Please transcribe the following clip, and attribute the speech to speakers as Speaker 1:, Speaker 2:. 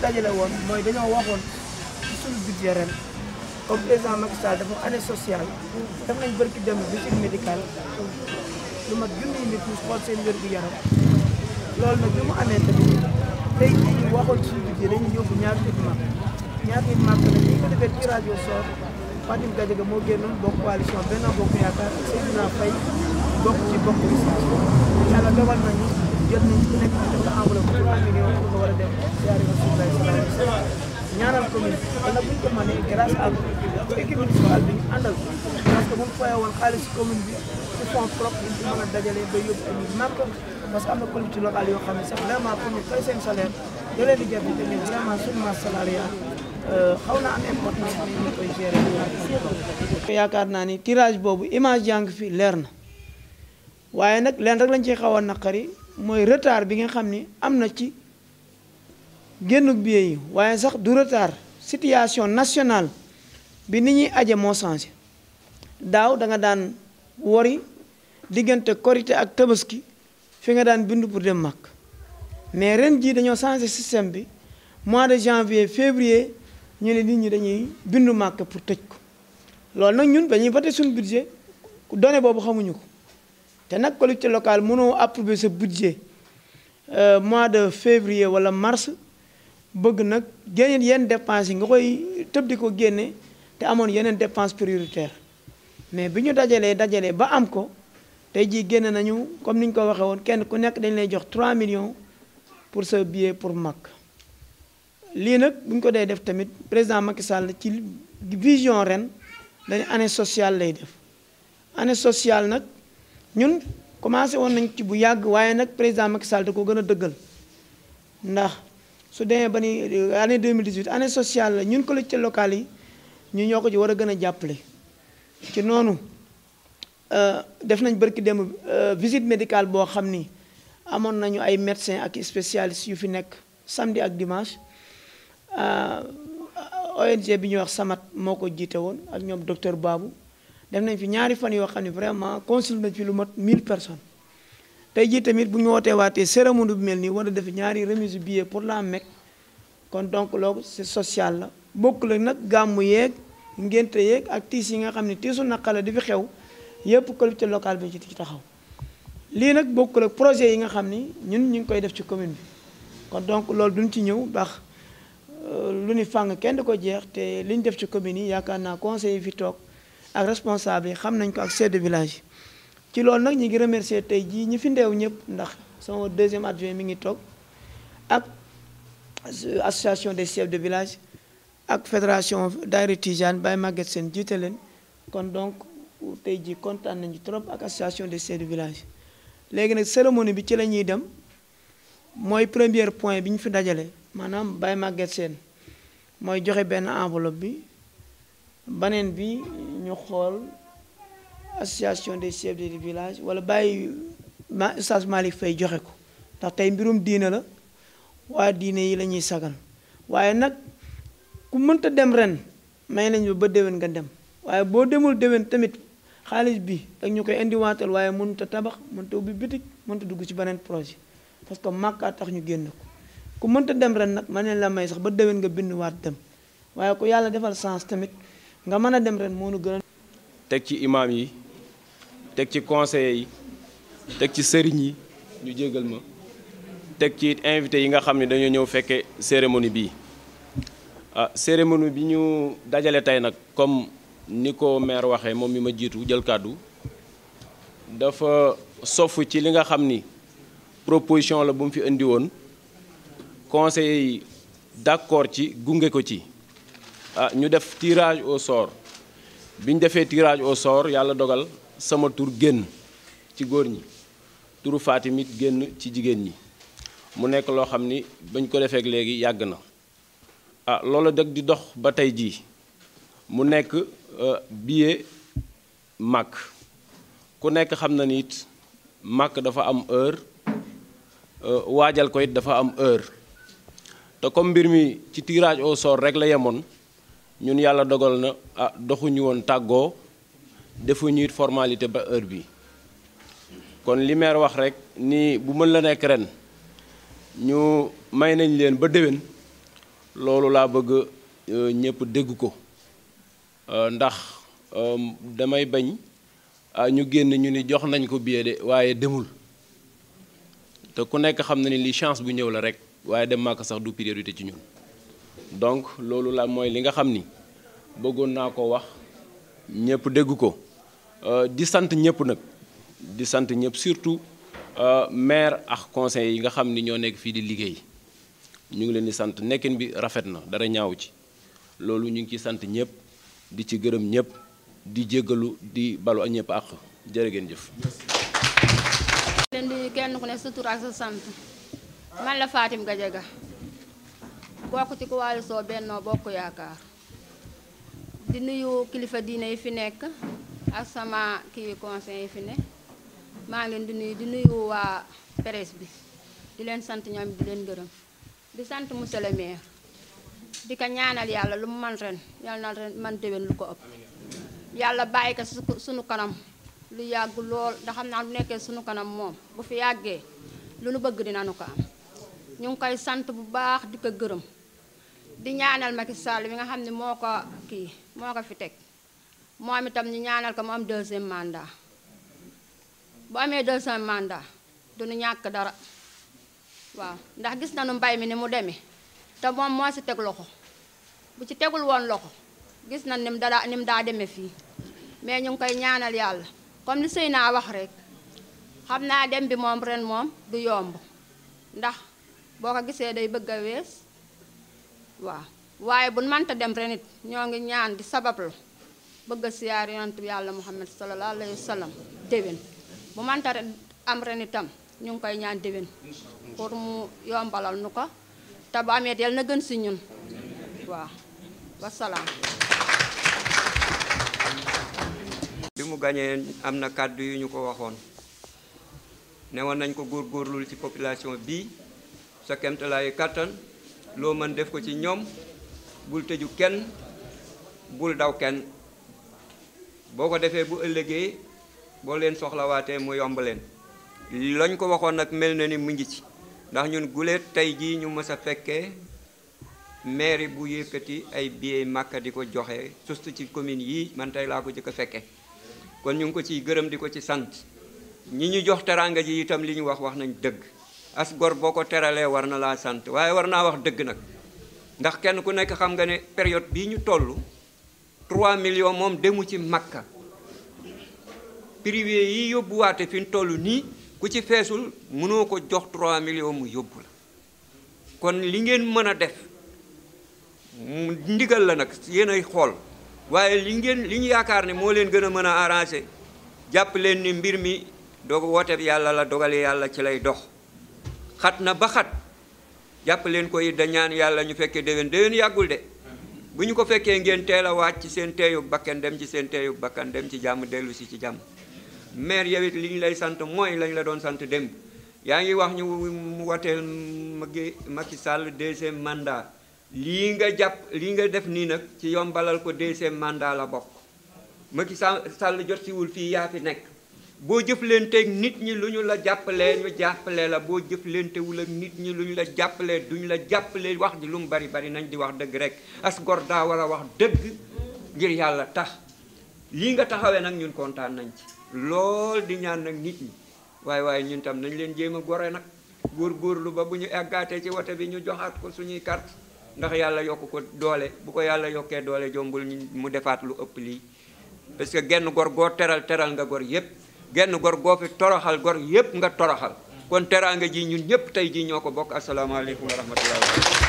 Speaker 1: dajale woon mooy dañoo waxoon ci suñu budget ren comme président Macky Sall dafa année sociale def nañ bërki dem visite médicale lu mat junniy nit ñu xool seen wér gu bi mu amee tamit tey jii ñu waxoon ci suñu budget dañuy yóbbu ñaari nit mag ñaari nit mag nag ñu ko defee ci rajo Sor Fatim Gadiaga moo génnoon bokk coalition Benno Bokk Yaakaar Seydina Faye bokk ci bokk gis yàlla dogal nañu jot nañ ku nekk ñu la enveloppe pour un million pour nga war a dem siyaare Rasulullah sallallahu alayhi wa sallam ñaanal commune wala buñ ko mënee grâce à équipe municipale bi ñu àndal parce que bu ñu fayee woon xaalis commune bi ci fonds propre ñu mën a dajale ba yóbbu ay màkk parce que am na collectivité locale yoo xam ne sax vraiment pour ñu fay seen salaire da leen di jafe te ñun vraiment suñu masse salariale euh, xaw na am importance mais ñu koy gérer yaakaar naa ni tirage boobu image yaa ngi fi leer na waaye nag leen rek lañ ciy xaw a naqari mooy retard bi nga xam ni am na ci génn billet yi waaye sax du retard situation nationale bi ni ñuy aje moo changé daaw da nga daan wori diggante korité ak tabaski fi nga daan bindu pour dem màkk mais ren jii dañoo changé système bi mois de janvier février ñu ne nit ñi dañuy bindu màkk pour tëj ko loolu nag ñun dañuy voté suñu budget donné boobu xamuñu ko te nag collectivité locale mënoo approuver sa budget euh, mois de février wala mars bëgg nag génne yenn dépenses yi nga koy tëb di ko génne te amoon yeneen dépense prioritaire mais bi ñu dajalee dajalee ba am ko tey jii génne nañu comme ni ñu ko waxee woon kenn ku nekk dañ lay jox trois millions pour sa billet pour mag lii nag bu ñu ko dee def tamit président Macky Sall ci vision ren dañu année sociale lay def année sociale nag. ñun commencé woon nañ ci bu yàgg waaye nag président Macky Sall da ko gën a dëggal ndax su demee ba ni euh, année 2018 année sociale la ñun ci local yi ñu ñoo ko ci war a gën a jàppale ci noonu euh, def nañ bërki démb euh, visite médical boo xam ni amoon nañu ay médecins ak spécialistes yu fi nekk samedi ak dimanche ONG bi ñuy wax Samat moo ko jiite woon ak ñoom docteur baabu def nañ fi ñaari fan yoo xam ne vraiment consulté nañ fi lu mat mille personnes tey jii tamit bu ñu wootee waatee cérémonie bu mel nii war a def ñaari remise billet pour la Mecque kon donc loolu c'est social la bokk la nag gàmmu yéeg ngénte yeeg ak tiis yi nga xam ne tiisu naqa la di fi xew yëpp collectivité locale bi ci taxaw lii nag bokkul ak projet yi nga xam ni ñun ñu ngi koy def ci commune bi kon donc loolu duñ ci ñëw ndax euh, lu ni fàng kenn du ko jeex te li ñu def ci commune yi yaakaar naa conseil yi toog ak responsable yi xam nañ ko ak chef de village ci loolu nag ñi ngi remercier tey jii ñi fi ndeew ñëpp ndax sama deuxième adjoint mi ngi toog ak association des chefs de village ak fédération daayira Tijaan Baye Maguette Sène jiite leen kon donc tey jii kontaan nañu trop ak association des chefs de village léegi nag cérémonie bi ci la ñuy dem mooy première point bi ñu fi dajale maanaam Baye Maguette Sène mooy joxe benn enveloppe bi baneen bi ñu xool association des chefs de village wala bàyyi ma Oustaz Malick Faye joxe ko ndax tey mbirum diine la waa diine yi la ñuy sagal waaye nag ku mënta dem ren may nañ ba déwén nga dem waaye boo demul déwén tamit xaalis bi ak ñu koy indiwaatal waaye mënut a tabax mënut a ubbi bitik mënut dugg ci beneen projet parce que màkkaa tax ñu génn ko ku mënta dem ren nag mën la may sax ba déwén nga bind waat dem waaye ku yàlla defal sens tamit nga mën a dem ren
Speaker 2: teg ci imaam yi teg ci conseillers yi teg ci sëriñ yi ñu jégal ma teg ci invité yi nga xam ne dañoo ñëw fekke cérémonie bii ah cérémonie bi ñu dajale tey nag comme ni ko maire waxee moom mi ma jiitu jël kàddu dafa sof ci li nga xam ni proposition la bu mu fi indi woon conseillers yi d'accord ci gunge ko ci ah ñu def tirage au sort bi ñu defee tirage au sort yàlla dogal sama tur génn ci góor ñi tur Fatim génn ci jigéen ñi mu nekk loo xam ni bañ ko defeek léegi yàgg na ah loola dëgg di dox ba tey jii mu nekk euh, billet màkk ku nekk xam na ni it màkk dafa am heure euh, waajal ko it dafa am heure te comme mbir mi ci tirage au sort rek la yemoon ñun yàlla dogal na ah doxuñu woon tàggoo defuñu it formalité ba heure bii kon li wax rek nii bu mën la nekk ren ñu may nañ leen ba déwén loolu laa bëgg euh, ñëpp dégg ko euh, ndax euh, damay bañ a ah, ñu génn ñu ni jox nañ ko billet de waaye demul te ku nekk xam na ni li chance bu ñëw la rek waaye dem màkk sax du priorité ci ñun donc loolu la mooy li nga xam ni bëggoon naa ko wax ñëpp dégg ko euh, di sant ñëpp nag di sant ñëpp surtout euh, maire ak conseil yi nga xam ni ñoo nekk fii di liggéey ñu ngi leen di sant nekkin bi rafet na dara ñaaw ci loolu ñu ngi ciy sant ñëpp di ci gërëm ñépp di jéggalu di balu ak ñëpp ak jërë ngeen jëf.
Speaker 3: ko ci coalition Benno Bokk Yaakaar di nuyu kilifa diine yi fi nekk ak sama kii conseil yi fi ne maa ngi leen di nuyu di nuyu waa presse bi di leen sant ñoom di leen gërëm di sant monsieur le maire di ko ñaanal yàlla lu mu man ren yàlla na ren man déwén lu ko ëpp yàlla bàyyi ko suñu kanam lu yàgg lool ndax xam naa lu nekkee suñu kanam moom bu fi yàggee lu nu bëgg dina nu ko am ñu ngi koy sant bu baax di ko gërëm di ñaanal Macky Sall bi nga xam ne moo ko kii moo ko fi teg moom itam ñu ñaanal ko mu am deuxième mandat bu amee deuxième mandat du ñu ñàkk dara waaw ndax gis nañu mbay mi ni mu demee te moom moo si teg loxo bu ci tegul woon loxo gis na ni mu daa daa demee fii mais ñu ngi koy ñaanal yàlla kon li sëy naa wax rek xam naa dem bi moom ren moom du yomb ndax boo ko gisee day bëgg a wees. waaw waaye bu mënta dem ren ñoo ngi ñaan di sabablu bëgg a siyaar yonent bi yàlla muhammad sallallahu alayhi wa sallam déwén bu mënta am ren itam ñu ngi koy ñaan déwén pour mu yombalal nu ko te bu amee yal na gën si ñun waaw wasalaam.
Speaker 4: bi mu gañee am na kàddu yu ñu ko waxoon ne woon nañ ko góor góorgóorlu ci population bii sa kemtalaayu kàttan loo mën def ko ci ñoom bul tëju kenn bul daw kenn boo ko defee bu ëllëgee boo leen soxlawaatee mu yomb leen lañ ko waxoon nag mel na ni mu ngi ci ndax ñun guleet tey jii ñu mës a fekkee mairie bu yëkkati ay billets Makka di ko joxe surtout ci commune yi man tey laa ko jëkk a fekke kon ñu ngi ko ciy gërëm di ko ci sant ñi ñu jox teraanga ji itam li ñu wax wax nañ dëgg as gor boo ko teralee war na laa sant waaye war naa wax dëgg nag ndax kenn ku nekk xam nga ne période bii ñu toll 3 millions moom demu ci makka privé yi yóbbuwaate fi ñu toll nii ku ci feesul mënoo ko jox 3 millions mu yóbbu la kon li ngeen mën a def ndigal la nag yéen ay xool waaye li ngeen li ñu yaakaar ne moo leen gën a mën a arrangé jàpp leen ni mbir mi doog woote yàlla la dogale yàlla ci lay dox xat na ba xat jàpp leen ko it da ñaan yàlla ñu fekkee déwén déwén yàggul de bu ñu ko fekkee ngeen teel a waaj ci seen teeyug bakkan dem ci seen teeyug bàkkan dem ci jàmm dellu si ci jàmm maire yow it li ñu lay sant mooy lañ la doon sant dem yaa ngi wax ñu mu wateel Macky sàll deuxième mandat lii nga jàpp lii nga def nii nag ci yombalal ko deuxième màndaa la bokk Macky Sall jot fii yaa fi nekk boo jëflanteeg nit ñi lu ñu la jàppalee ñu jàppalee la boo jëflantewul ak nit ñi lu ñu la jàppalee duñu la jàppalee wax ji lu mu bari bari nañ di wax dëgg rek as gor daa war a wax dëgg ngir yàlla tax lii nga taxawee nag ñun kontaan nañ ci lool di ñaan nag nit ñi waaye waaye ñun tam nañ leen jéem a gore nag góor góorgóorlu ba bu ñu eggaatee ci wote bi ñu joxaat ko suñuy kart ndax yàlla yokk ko doole bu ko yàlla yokkee doole jombul mu defaat lu ëpp lii parce que genn gor teral teral nga gor yépp genn gor goo fi toroxal gor yépp nga toroxal kon teraanga ji ñun ñépp tey ji ñoo ko bokk asalaamaaleykum wa rahmatullahi